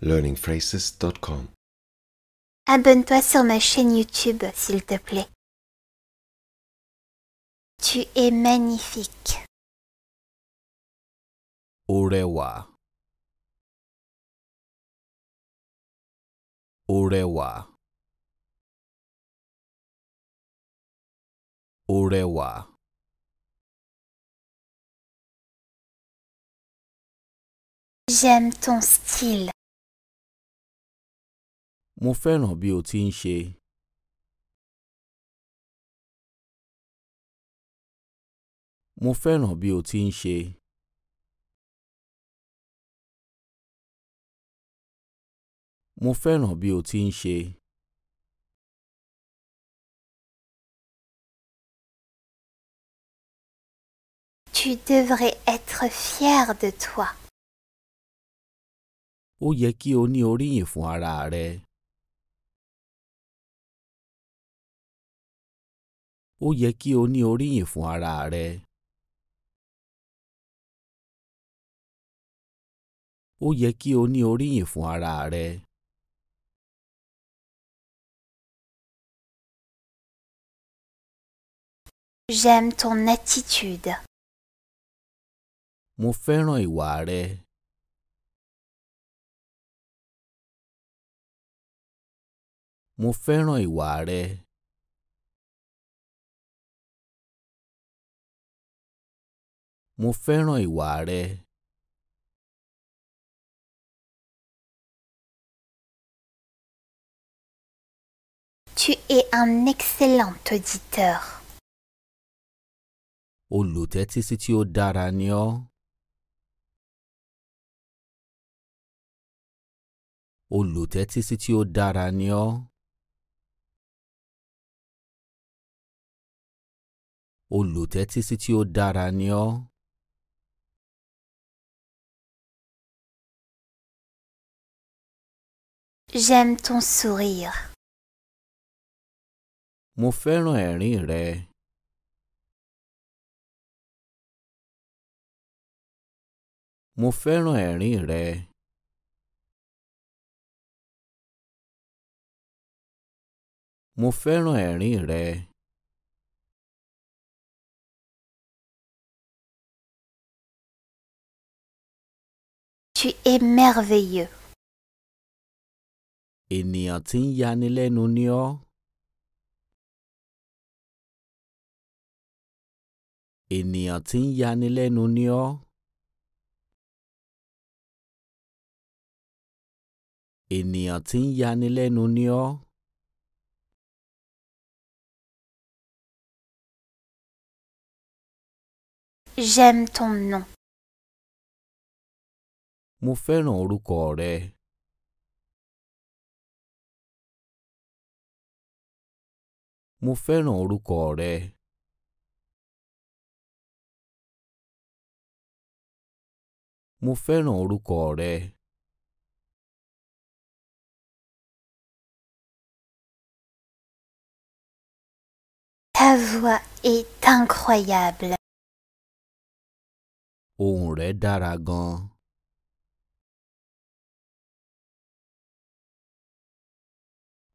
learningphrases.com. Abonne-toi sur ma chaîne YouTube, s'il te plaît. Tu es magnifique. Orewa. Orewa. Orewa. J'aime ton style. Mo fẹ́ràn bí o ti ń ṣe. Mo fẹ́ràn bí o ti ń ṣe. Mo fẹ́ràn bí o ti ń ṣe. Tu devrais être fier de toi. Ó yẹ kí o ní oríyìn fún ara rẹ. ó yẹ kí o ní oríyìn fún ara rẹ. ó yẹ kí o ní oríyìn fún ara rẹ. J'aime ton attitude. Mo fẹ́ràn ìwà rẹ. Mo fẹ́ràn ìwà rẹ. Mo fẹ́ràn ìwà rẹ. Tu es un excellent auditeur. Olùtẹ́tísí tí ó dára ni ọ́. Olùtẹ́tísí tí ó dára ni ọ́. Olùtẹ́tísí tí ó dára ni ọ́. J'aime ton sourire. Mo fẹ́ràn ẹ̀rín rẹ. Mo fẹ́ràn ẹ̀rín rẹ. Mo Tu es merveilleux. ènìyàn tí ń yanilẹ́nu ni ọ́. ènìyàn tí ń yanilẹ́nu ni ọ́. ènìyàn tí ń yanilẹ́nu ni ọ́. J'aime ton nom. Mo fẹ́ràn orúkọ rẹ. Mo fẹ́ràn orúkọ rẹ. Mo fẹ́ràn orúkọ rẹ. Ta voix est incroyable. Ohùn rẹ dára gan.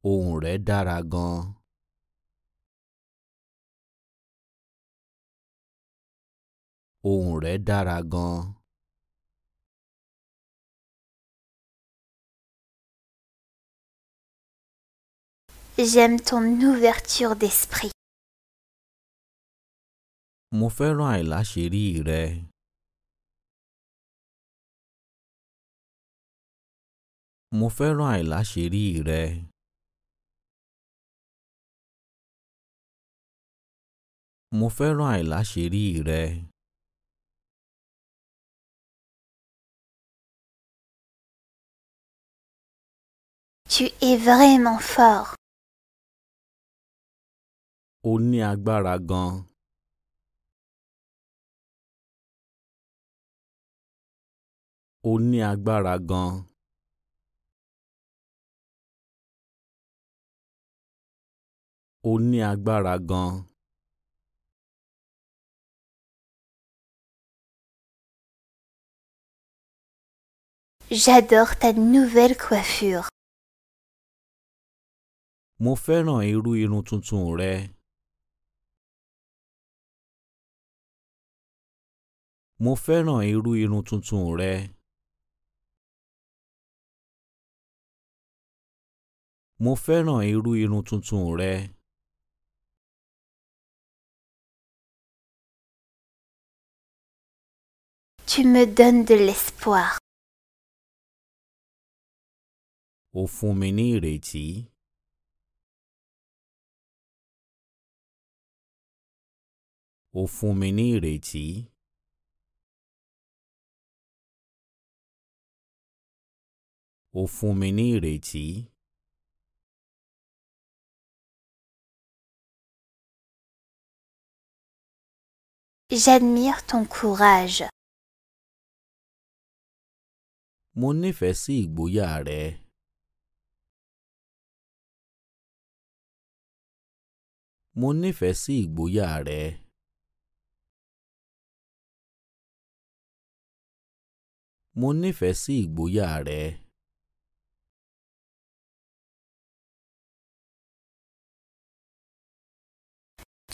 Ohùn rẹ dára gan. ohùn rẹ̀ dára gan J'aime ton ouverture d'esprit. Mo fẹ́ràn chérie rẹ. Mo fẹ́ràn àìláṣìírí rẹ. Mo fẹ́ràn rẹ. Tu es vraiment fort. Oni agbara gan. Oni Baragan. gan. Oni J'adore ta nouvelle coiffure. Mo fẹ́ràn irú irun tuntun rẹ. Mo fẹ́ràn irú irun tuntun rẹ. Mo fẹ́ràn irú irun tuntun rẹ. Tu me donnes de l'espoir. Au fond, mes ní ìrètí. ó fún mi ní ìrètí. ó fún mi ní ìrètí. J'admire ton courage. Mo nífẹ̀ẹ́ sí ìgboyà rẹ. Mo nífẹ̀ẹ́ sí ìgboyà rẹ. Mo nífẹ̀ẹ́ sí ìgboyà rẹ.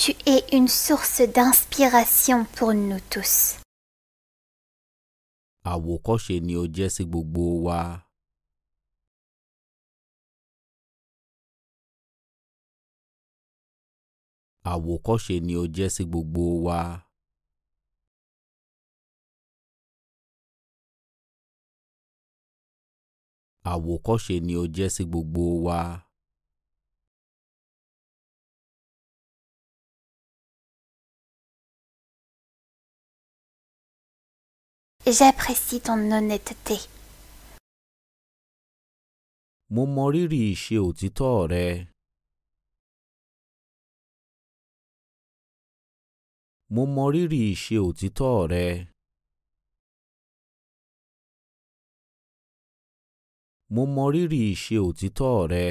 Tu es une source d'inspiration pour nous tous. Àwòkọ́ṣe ni o jẹ́ sí gbogbo wa. Àwòkọ́ṣe ni o jẹ́ sí gbogbo wa. àwòkọ́ṣe ni o jẹ́ sí gbogbo wa. J'apprécie ton honnêteté. Mo mọ rírì ìṣe òtítọ́ rẹ. Mo mọ rírì ìṣe òtítọ́ rẹ. mo mọrírì ìṣe òtítọ́ rẹ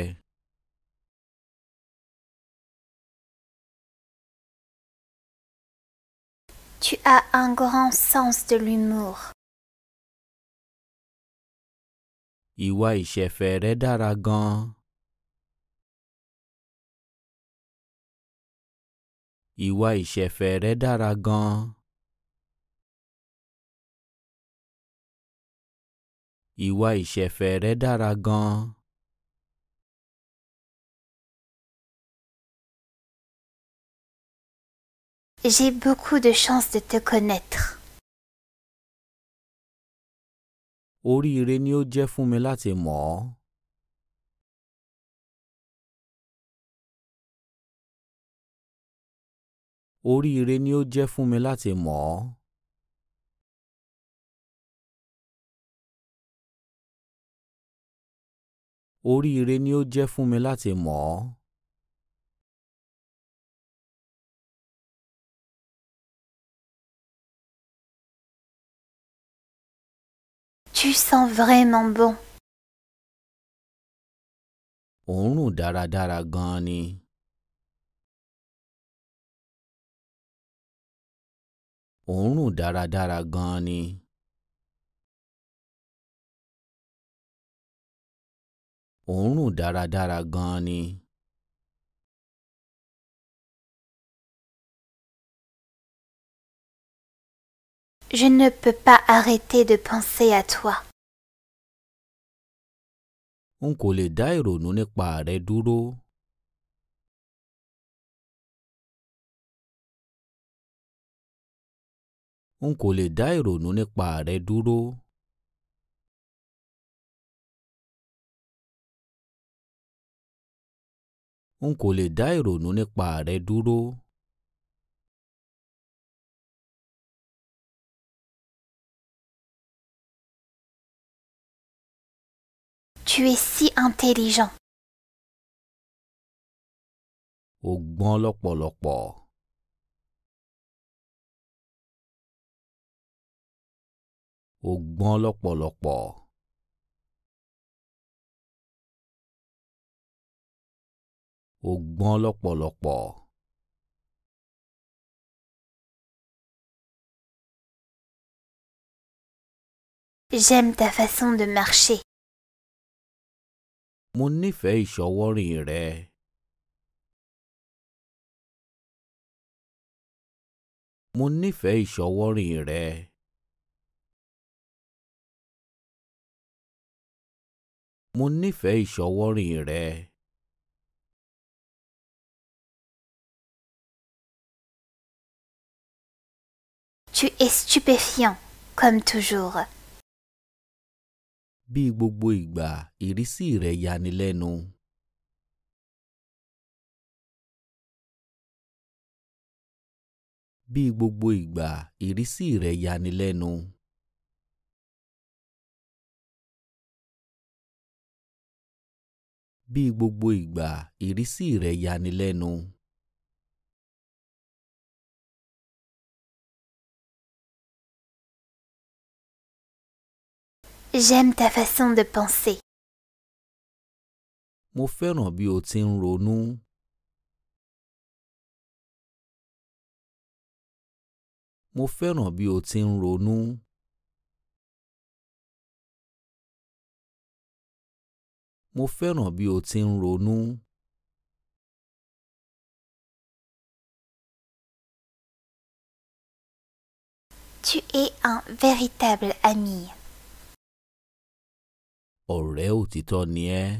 Tu as un grand sens de l'humour. Ìwà ìṣẹ̀fẹ̀ rẹ dára gan-an. ìṣẹ̀fẹ̀ rẹ dára gan Ìwà J'ai beaucoup de chance de te connaître. Ori ni o jẹ́ fun mi Ori mọ̀ ọ́. mort ni o oríire ni ó jẹ́ fún mi láti mọ̀ ọ́. Tu sens vraiment bon. Òórùn dáradára gan ni. Òórùn dáradára gan ni. òórùn dáradára gan-an ni Je ne peux pas arrêter de penser à toi. N kò lè dá ìrònú nípa rẹ dúró. N kò lè dá ìrònú nípa rẹ dúró. n kò lè dá ìrònú nípa rẹ dúró. Tu es si intelligent. O gbọ́n lọ́pọ̀lọpọ̀. O gbọ́n lọ́pọ̀lọpọ̀. ó gbọ́n lọ́pọ̀lọpọ̀. J'aime ta façon de marcher. Mo nífẹ̀ẹ́ ìṣọwọ́rìn rẹ. Mo nífẹ̀ẹ́ ìṣọwọ́rìn rẹ. Mo nífẹ̀ẹ́ ìṣọwọ́rìn rẹ. Tu es stupéfiant, comme toujours. Big gbogbo il ìrísí Big yani lenu. Bi gbogbo ìgbà, ìrísí yani lenu. Bi gbogbo yani J'aime ta façon de penser. Mo fẹ́ràn bí o ti ń ronú. Mo fẹ́ràn bí o ti ń ronú. Mo o ti ń Tu es un véritable ami. ọ̀rẹ́ òtítọ́ ni ẹ́.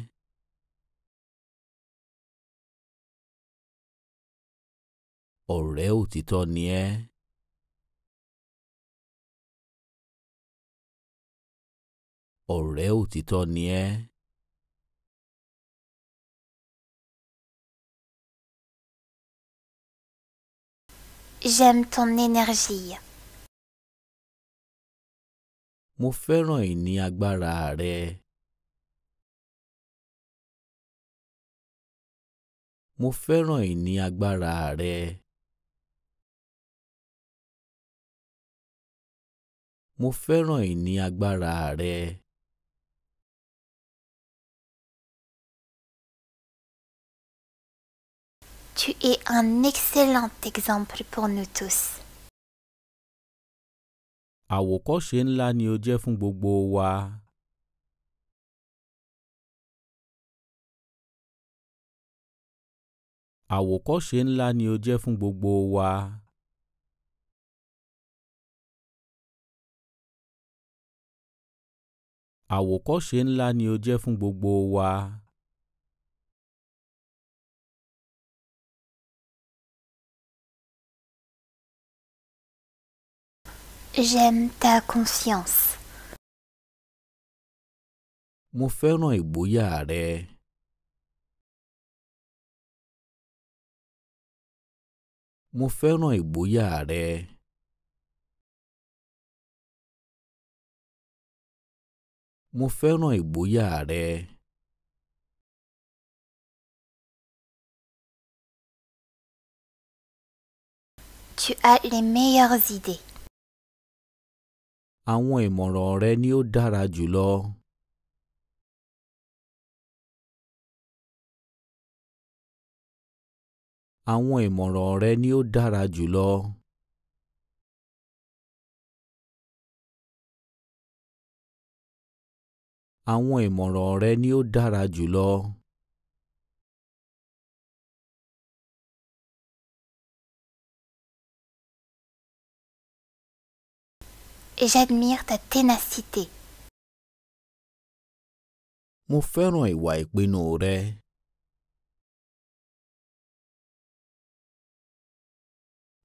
ọ̀rẹ́ òtítọ́ ni ẹ́. ọ̀rẹ́ òtítọ́ ni ẹ́. J'aime ton énergie. Mo fẹ́ràn ìní agbára rẹ. Mo fẹ́ràn ìní agbára rẹ. Mo fẹ́ràn ìní agbára rẹ. Tu es un excellent exemple pour nous tous. Àwòkọ́ṣe ńlá ni o jẹ́ fún gbogbo wa. Àwòkọ́ṣe ńlá ni o jẹ́ fún gbogbo wa. Àwòkọ́ṣe ńlá ni o jẹ́ fún gbogbo wa. J'aime ta confiance. Mo fẹ́ràn ìgboyà rẹ. Mo fẹ́ràn ìgboyà rẹ. Mo fẹ́ràn ìgboyà rẹ. Tu as les meilleures idées. Àwọn ìmọ̀ràn rẹ ni ó dára jùlọ. Àwọn ìmọ̀ràn rẹ ni ó dára jùlọ. Àwọn ìmọ̀ràn rẹ ni ó dára jùlọ. J'admire ta ténacité. Mo fẹ́ràn ìwà ìpinnu rẹ.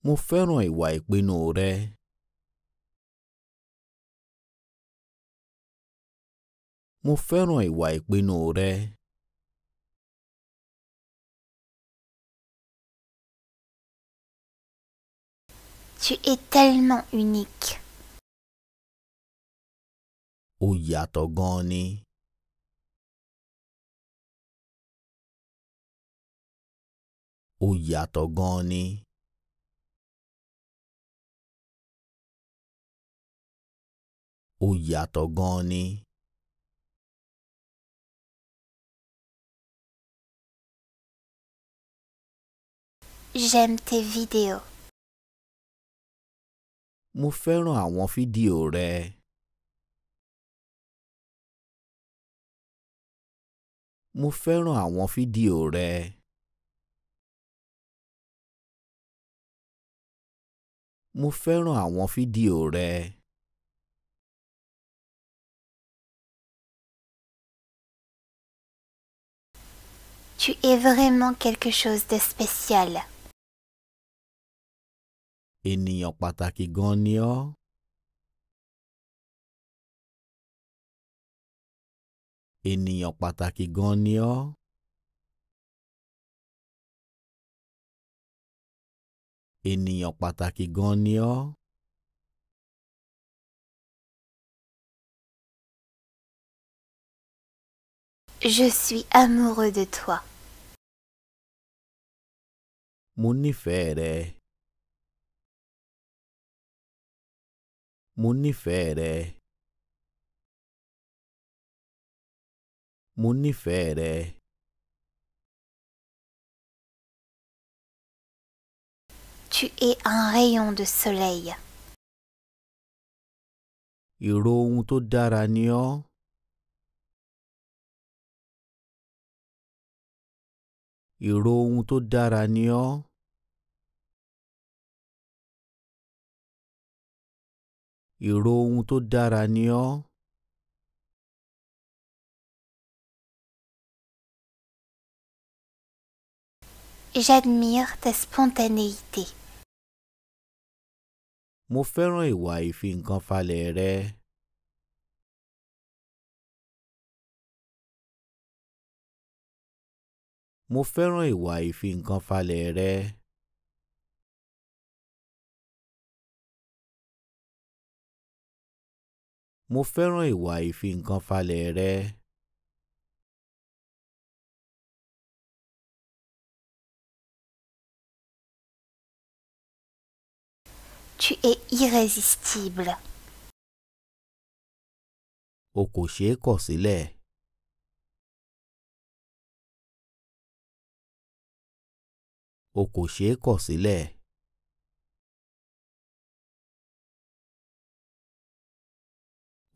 Mo fẹ́ràn ìwà ìpinnu rẹ. Mo fẹ́ràn ìwà ìpinnu rẹ. Tu es tellement unique. Ó yàtọ̀ gan ni. Ó yàtọ̀ gan ni. ó yàtọ̀ gan-an ni. J'aime tes vidéos. Mo fẹ́ràn àwọn fídíò rẹ. Mo fẹ́ràn àwọn fídíò rẹ. Mo fẹ́ràn àwọn fídíò rẹ. Tu es vraiment quelque chose de spécial. et pataki gan ni o? Eniyan pataki gan ni o? Eniyan pataki gan ni Je suis amoureux de toi. Munifere Munifere Munifere Tu es un rayon de soleil. Èrò ohun tó dára ni ọ́. Èrò ohun tó dára ni ọ́. J'admire ta spontanéité. Mo fẹ́ràn ìwà ìfi nǹkan falẹ̀ rẹ. Mo fẹ́ràn ìwà ìfi-nǹkan-falẹ̀ rẹ. Mo fẹ́ràn ìwà ìfi-nǹkan-falẹ̀ rẹ. Tu es irrésistible. O kò ṣeé kọ̀ sílẹ̀. o kò ṣeé kọ̀ sílẹ̀.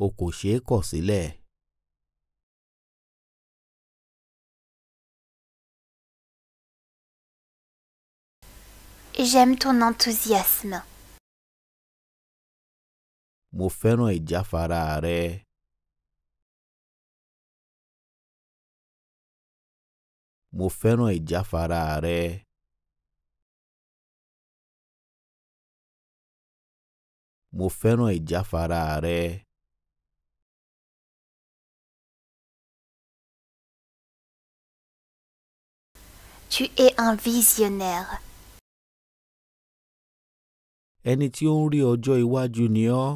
o kò ṣeé kọ̀ sílẹ̀. J'aime ton enthousiasme. Mo fẹ́ràn ìjáfara rẹ. Mo fẹ́ràn ìjáfara rẹ. Mo fẹ́ràn ìjáfara rẹ. Tu es un visionnaire. Ẹni tí ó ń rí ọjọ́ iwájú ni ọ́.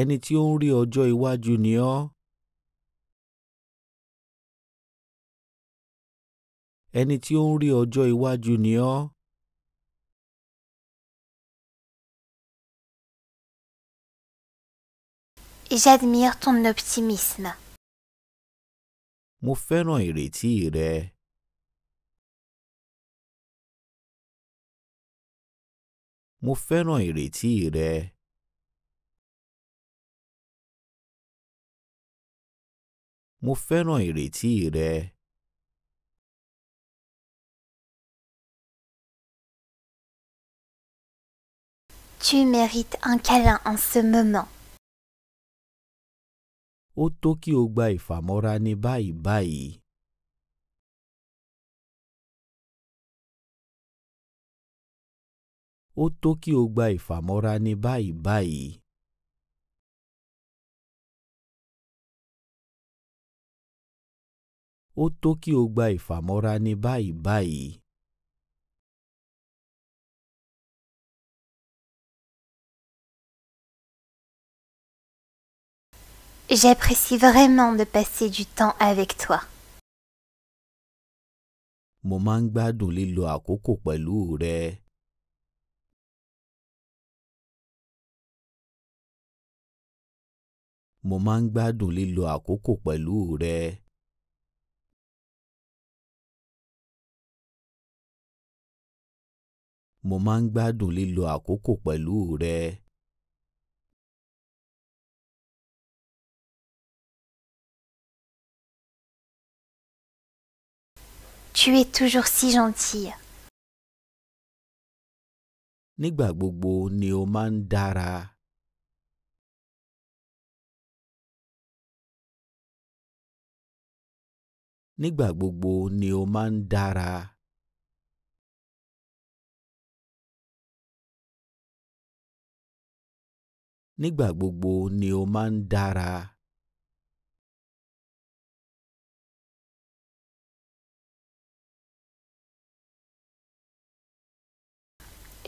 Ẹni tí ó ń rí ọjọ́ iwájú ni ọ́. Ẹni tí ó ń rí ọjọ́ iwájú ni ọ́. J'admire ton optimisme. Mo fẹ́ràn ìrètí rẹ. Mo fẹ́ràn ìrètí rẹ. Mo Tu mérites un câlin en ce moment. ó tó kí o gba ìfàmọ́ra ní báyìí báyìí. ó tó kí o gba ìfàmọ́ra ní báyìí báyìí. ó tó kí o gba ìfàmọ́ra ní báyìí báyìí. J'apprécie vraiment de passer du temps avec toi. Mo máa ń gbádùn lílo àkókò pẹ̀lú rẹ. Mo máa ń gbádùn lílo àkókò pẹ̀lú Mo Tu es toujours si gentille. Nígbà niomandara. ni niomandara. máa nyomandara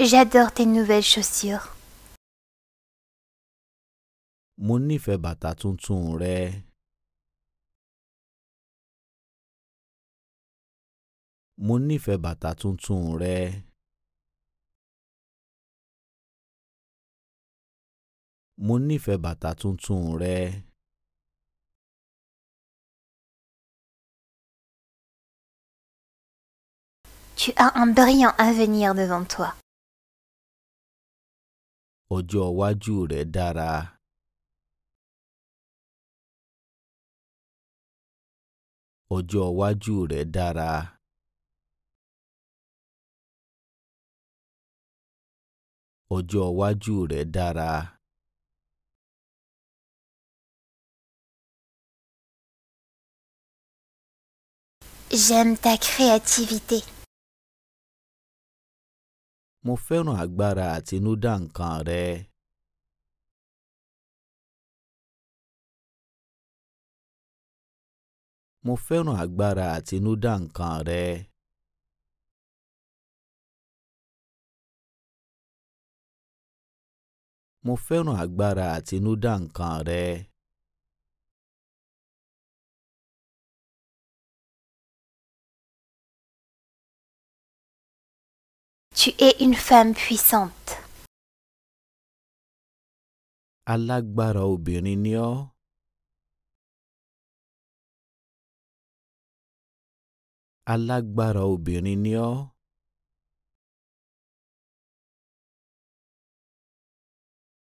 J'adore tes nouvelles chaussures. Monife fait bata tuntun rẹ. Mo fait bàtà tuntun rẹ. Mo fait tuntun Tu as un brillant avenir devant toi. Ojo iwájú d'ara. dára. ọjọ́ d'ara. rẹ̀ dára. ọjọ́ J'aime ta créativité. Mo fẹ́ràn agbára àtinúdá nǹkan rẹ. Mo fẹ́ràn agbára àtinúdá nǹkan rẹ. Mo fẹ́ràn agbára àtinúdá nǹkan rẹ. Tu es une femme puissante. Allah obirin ni o. Allah obirin ni o.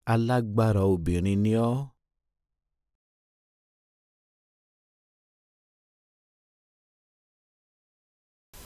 Alagbara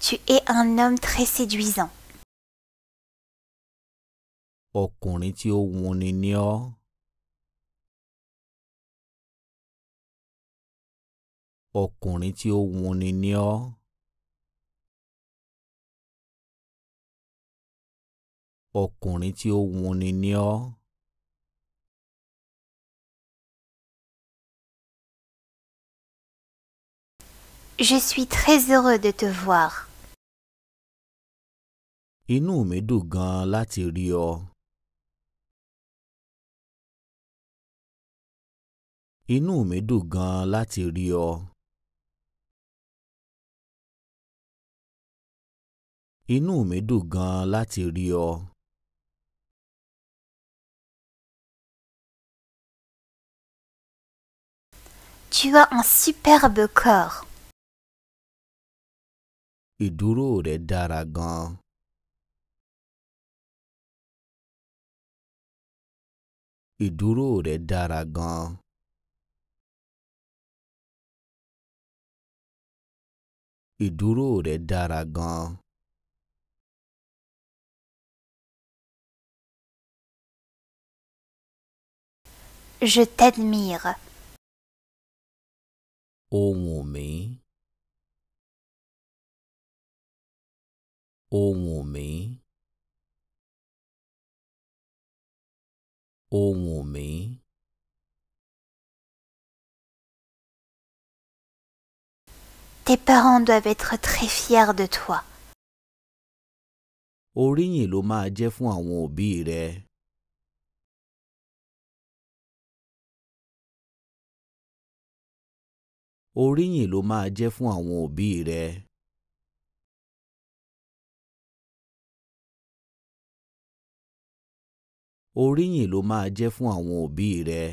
Tu es un homme très séduisant. Oh tí ó wuni ni ọ́. ọkùnrin tí ó wuni ni Je suis très heureux de te voir. inú mi dùn gan-an láti rí ọ. inú mi dùn gan-an láti rí ọ. inú mi dùn gan-an láti rí ọ. Tu as un superbe corps. Ìdúró rẹ dára gan-an. ìdúró daragon dára gan Je t'admire. Ohùn mi. Ohùn mi. ohùn mi. Tes parents doivent être très fiers de toi. Oríyìn lo ma je fun awon obi re. Oríyìn lo ma je fun awon obi re. oríyìn ló máa jẹ́ fún àwọn òbí rẹ.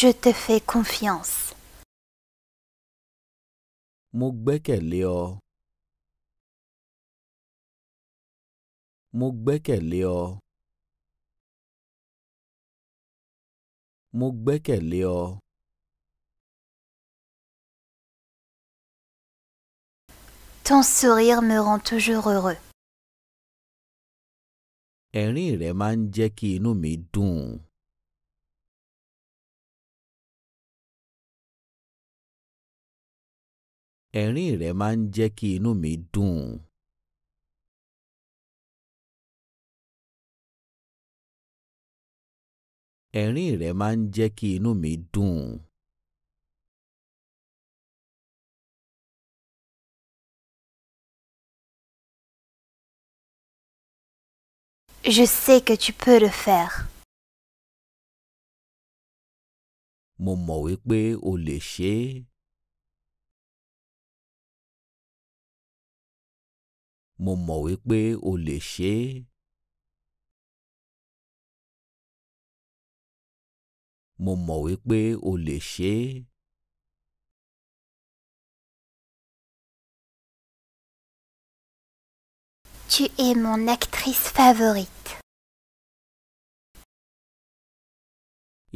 Je te fais confiance. Mo gbẹ́kẹ̀lé ọ. Mo gbẹ́kẹ̀lé ọ. Mo gbẹ́kẹ̀lé ọ. Ton sourire me rend toujours heureux. Elle rẹ̀ máa ń jẹ́ mi dùn. Ẹ̀rín rẹ̀ máa mi mi Je sais que tu peux le faire. Mo mọ̀ au léché. lè ṣe Mo o léché. Tu es mon actrice favorite.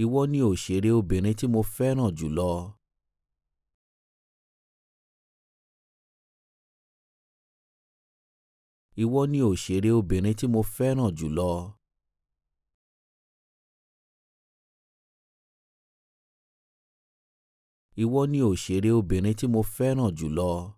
Ìwọ ni òṣèré obìnrin tí mo fẹ́ràn jùlọ. Ìwọ ni òṣèré obìnrin tí mo fẹ́ràn jùlọ. Ìwọ ni òṣèré obìnrin tí mo fẹ́ràn jùlọ.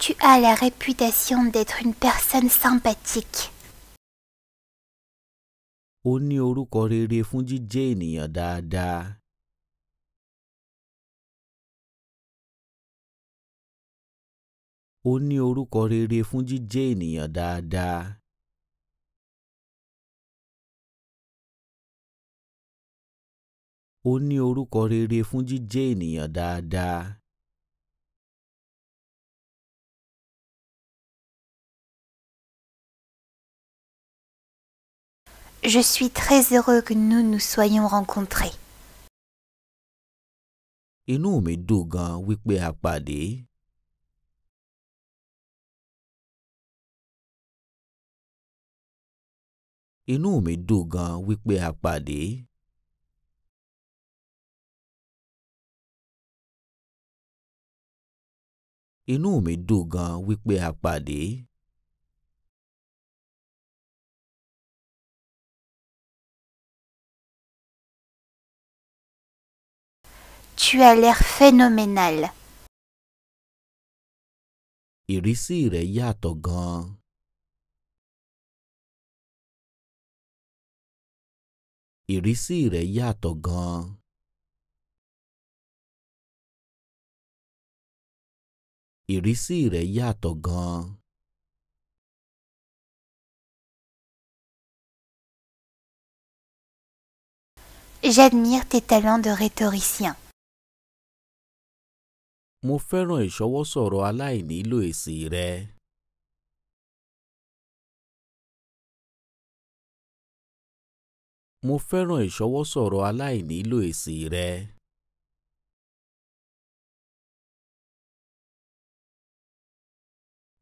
Tu as la réputation d'être une personne sympathique. Ó ní orúkọ rere fún jíjẹ́ ènìyàn dáadáa. Ó ní orúkọ rere fún jíjẹ́ ènìyàn dáadáa. Ó ní rere fún jíjẹ́ ènìyàn dáadáa. Je suis très heureux que nous nous soyons rencontrés. Inu mi dùn gan wípé a pàdé. Inú mi dùn gan wípé Tu as l'air phénoménal. Irisire rẹ̀ yato gan-an. Ìrísí gan J'admire tes talents de rhétoricien. Mo fẹ́ràn ìṣọwọ́sọ̀rọ̀ aláìnílò èsì rẹ. Mo fẹ́ràn ìṣọwọ́sọ̀rọ̀ aláìnílò èsì rẹ.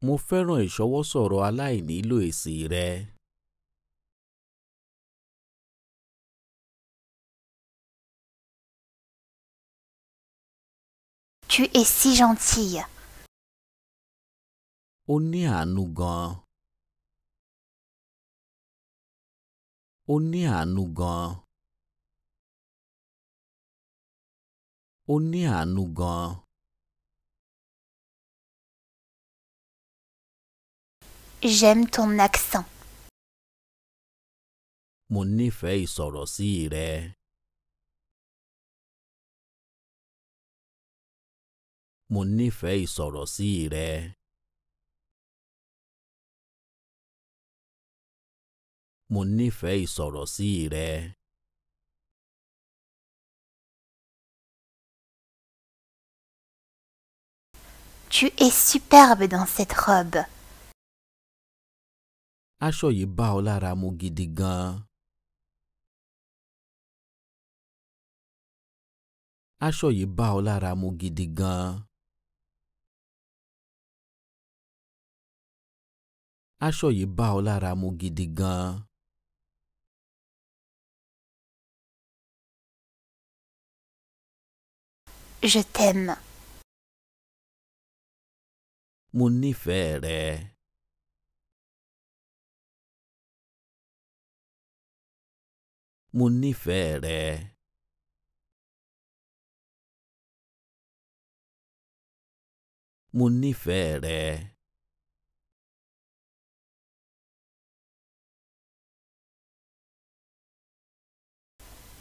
Mo fẹ́ràn ìṣọwọ́sọ̀rọ̀ aláìnílò èsì rẹ. Tu es si gentille. On est à Nougat. On est à On est à Nougat. J'aime ton accent. Mon nez fait Mon nífẹ̀ẹ́ ìsọ̀rọ̀ sí rẹ. mo nífẹ̀ẹ́ ìsọ̀rọ̀ Tu es superbe dans cette robe. Aṣọ yìí bá ọ lára mu gidi gan Aṣọ yìí bá ọ lára mu gidi A xo yi ba ou la ra mou gidigan. Je tem. Mounifere. Mounifere. Mounifere.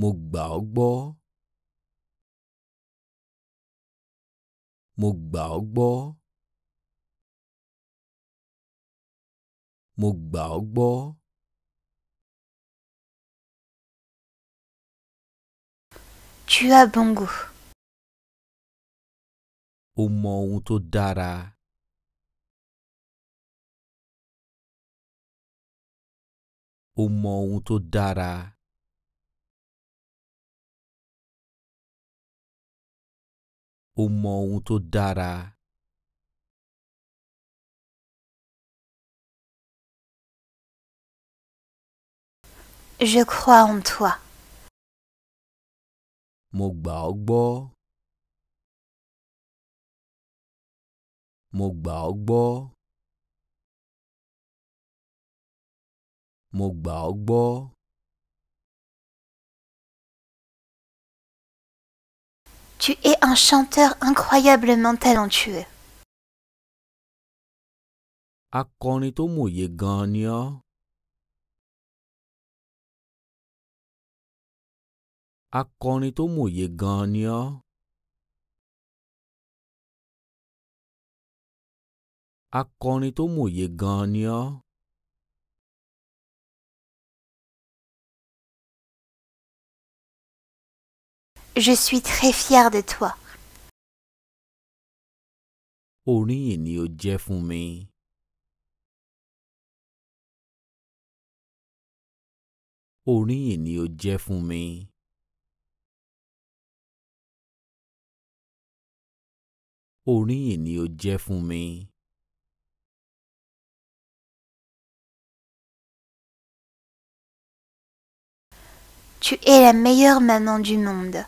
mo gbà ọ́ gbọ́. mo gbà ọ́ gbọ́. mo gbà ọ́ gbọ́. Tu as bon goût. O mọ ohun tó dára. O mọ ohun tó dára. ó mọ ohun tó dára. Je crois en toi. Mo gbà ọ́ gbọ́. Mo gbà ọ́ gbọ́. Mo gbà ọ́ gbọ́. Tu es un chanteur incroyablement talentueux. Akọrin to moye gan ni o. Akọrin to moye gan ni o. to gan ni je suis très fière de toi. Oni ni o jẹ́ fún mi. Oríyìn ni o jẹ́ fún mi. ni o jẹ́ mi. Tu es la meilleure maman du monde.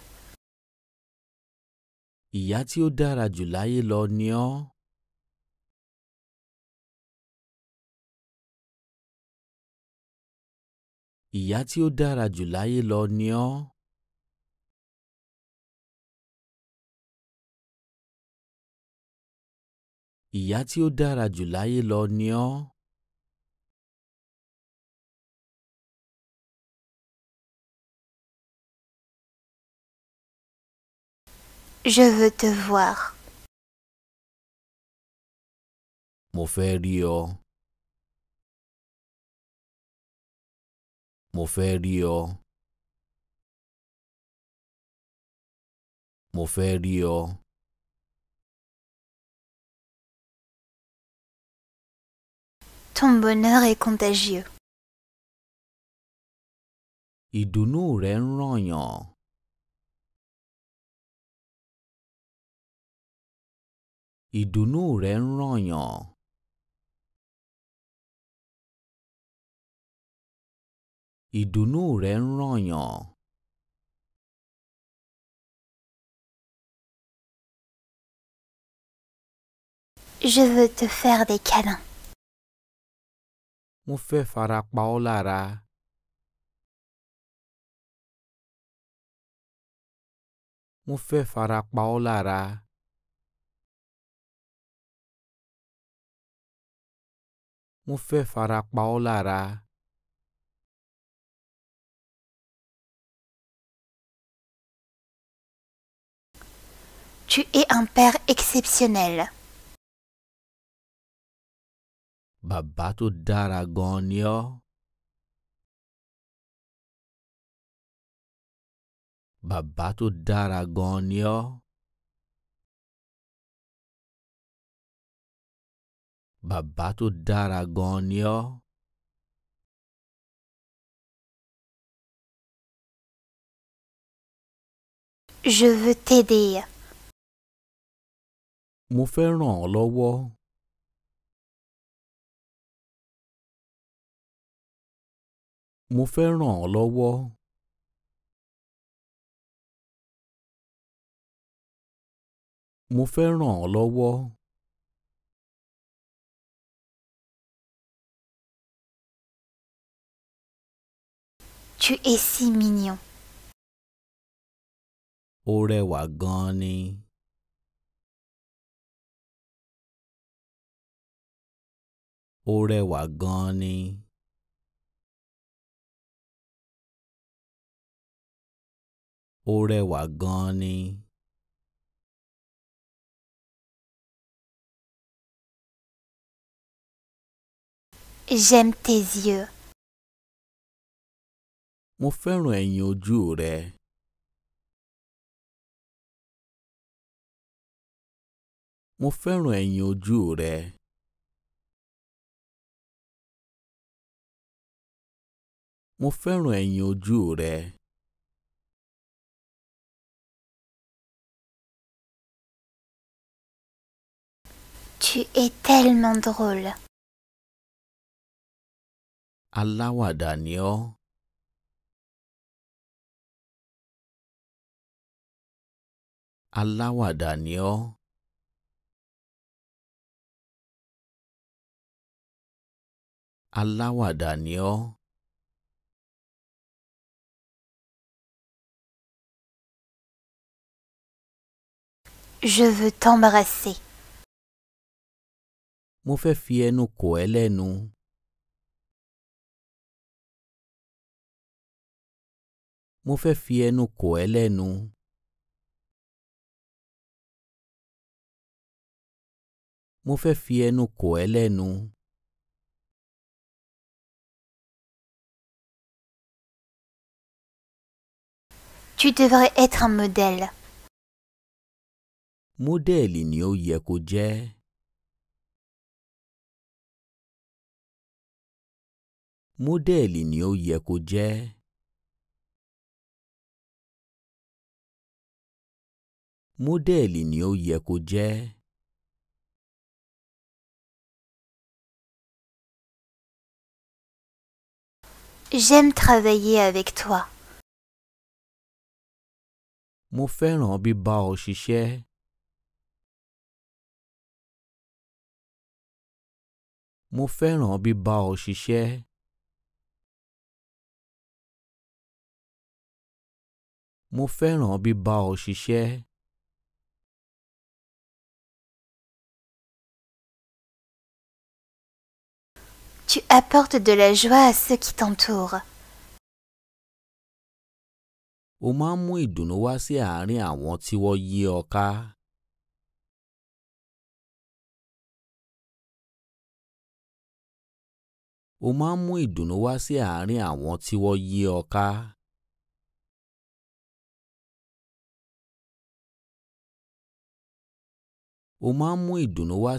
Ìyá tí ó dára jù láyé lọ ni ọ́. Ìyá tí ó dára jù láyé lọ ni ọ́. Ìyá tí ó dára jù láyé lọ ni ọ́. Je veux te voir. Mo fẹ́ Mon Mo Ton bonheur est contagieux. Idunu re ìdùnnú rẹ̀ ń ràyàn. ìdùnnú rẹ̀ Je veux te faire des câlins. Mo fait fara pa ọ́ lára. Mo fẹ́ Mou fe farak ba ou lara. Tu e an per eksepsyonel. Ba batou dar a goun yo. Ba batou dar a goun yo. bàbá tó dára gan ni ọ́. Je veux t'aider. Mo fẹ́ ràn ọ́ lọ́wọ́. Mo fẹ́ ràn ọ́ lọ́wọ́. Mo fẹ́ ràn ọ́ lọ́wọ́. Tu es si mignon. Ore wagani, gan wagani, wa wagani. J'aime tes yeux. Mo fẹ́ràn ẹ̀yìn ojú rẹ. Mo fẹ́ràn ẹ̀yìn ojú rẹ. Mo fẹ́ràn ẹ̀yìn ojú rẹ. Tu es tellement drôle. Aláwàdà ni ọ́. aláwàdà ni ọ́. aláwàdà ni Je veux t'embrasser. Mo fẹ́ fi ẹnu kò ẹ́ lẹ́nu. Mo fẹ́ fi ẹnu kò Mou fefye nou kou elen nou. Tu devre etre an model. Model in yo ye kouje. Model in yo ye kouje. Model in yo ye kouje. J'aime travailler avec toi. Mo fẹ́ràn bíbá ọ ṣiṣẹ́. Mo fẹ́ràn bíbá ọ ṣiṣẹ́. Mo fẹ́ràn ọ ṣiṣẹ́. tu apportes de la joie à ceux qui t'entourent. O máa ń mú ìdùnnú wá sí àárín àwọn tí wọ́n yí ọ ká. O máa ń mú ìdùnnú wá sí àárín àwọn tí O máa ń mú ìdùnnú wá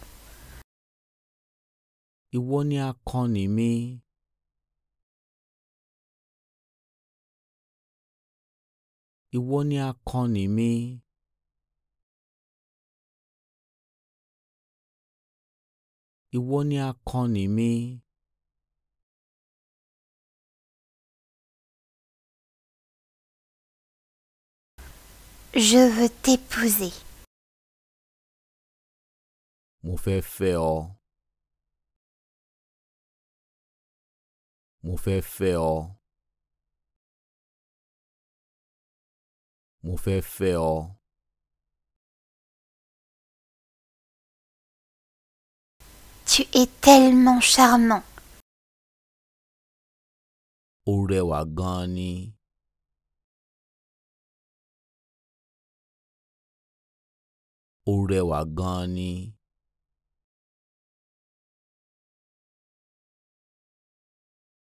ìwọ ni akọni mi. ìwọ ni akọni mi. ìwọ Je veux t'épouser. Mo féo. mo fẹ́ fẹ́ ọ. Tu es tellement charmant. Ó rẹwà gan ni. ni.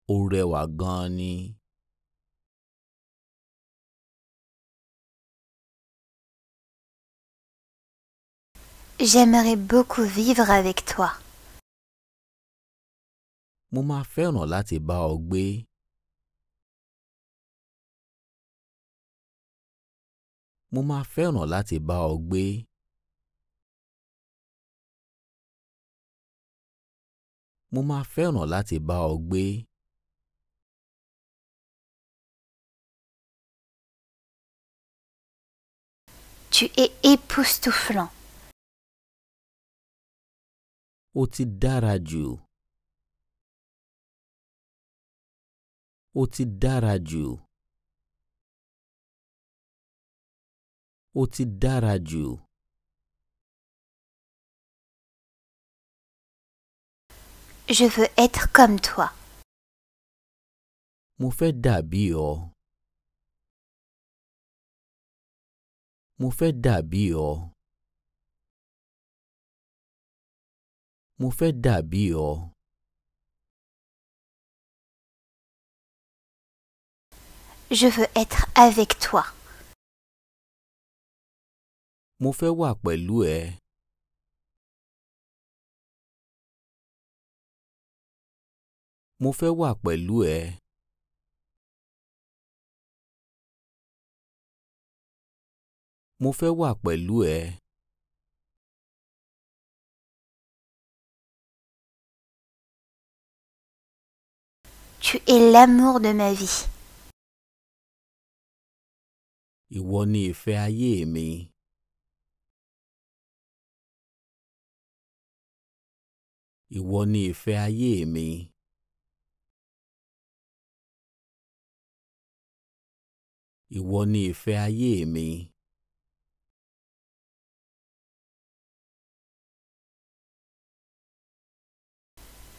Ó rẹwà gan ni. J'aimerais beaucoup vivre avec toi. Mo máa fẹ́ràn láti bá ọ gbé. Mo máa fẹ́ràn láti bá ọ gbé. Mo máa fẹ́ràn láti bá ọ gbé. Tu es époustouflant. Oti daraju? Oti daraju? Oti daraju? Je veux être comme toi. Mo fẹ́ mo fẹ́ dàbí ọ. mo fẹ́ dàbí ọ. Je veux être avec toi. Mo fẹ́ wà pẹ̀lú ẹ. Mo fẹ́ wà pẹ̀lú mo fẹ́ wà pẹ̀lú ẹ. Tu es l'amour de ma vie. Ìwọ ni ìfẹ́ ayé mi. Ìwọ ni ìfẹ́ ayé mi. Ìwọ ni ìfẹ́ ayé mi.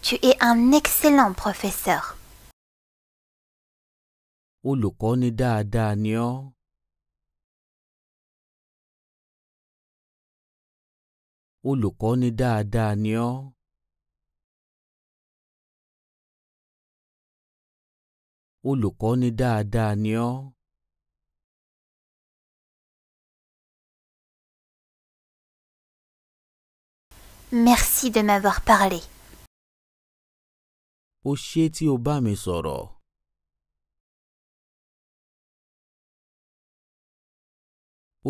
Tu es un excellent professeur. Olùkọ́ni Dagno. ni ọ́. Olùkọ́ni daada ni Merci de m'avoir parlé. o ṣé tí o bá mi sọ̀rọ̀.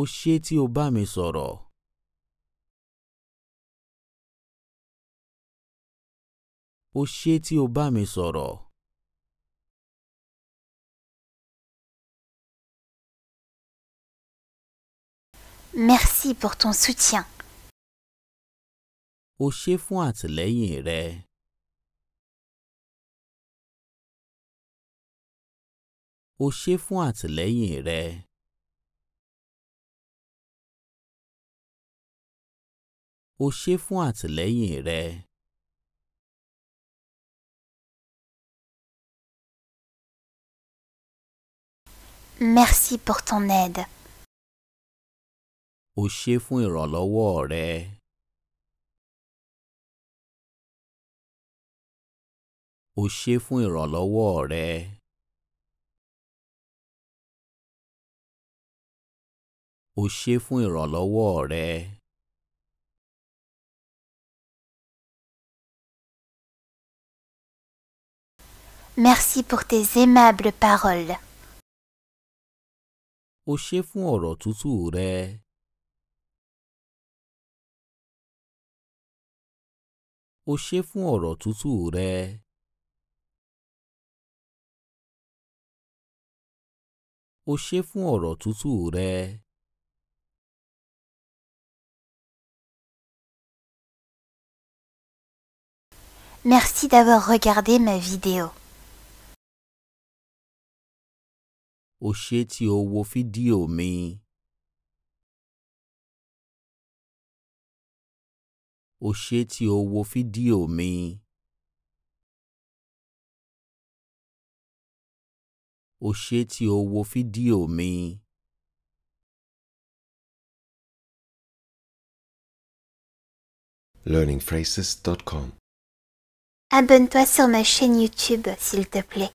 o ṣé tí o bá mi sọ̀rọ̀. o ṣé tí o bá mi sọ̀rọ̀. Merci pour ton soutien. O ṣé fún àtìlẹ́yìn rẹ. o ṣé fún àtìlẹ́yìn rẹ. o ṣé fún àtìlẹ́yìn rẹ. Merci pour ton aide. O ṣé fún ìrànlọ́wọ́ rẹ. O ṣé fún ìrànlọ́wọ́ rẹ. o ṣé fún ìrànlọ́wọ́ rẹ. Merci pour tes aimables paroles. O ṣé fún ọ̀rọ̀ tútù rẹ. O ṣé fún ọ̀rọ̀ tútù rẹ. O fún ọ̀rọ̀ tútù rẹ. Merci d'avoir regardé ma vidéo. Ochetio Wofidio me o wo fídíò mi. Wofidio me Learning o mi. mi. learningphrases.com abonne-toi sur ma chaîne YouTube, s'il te plaît.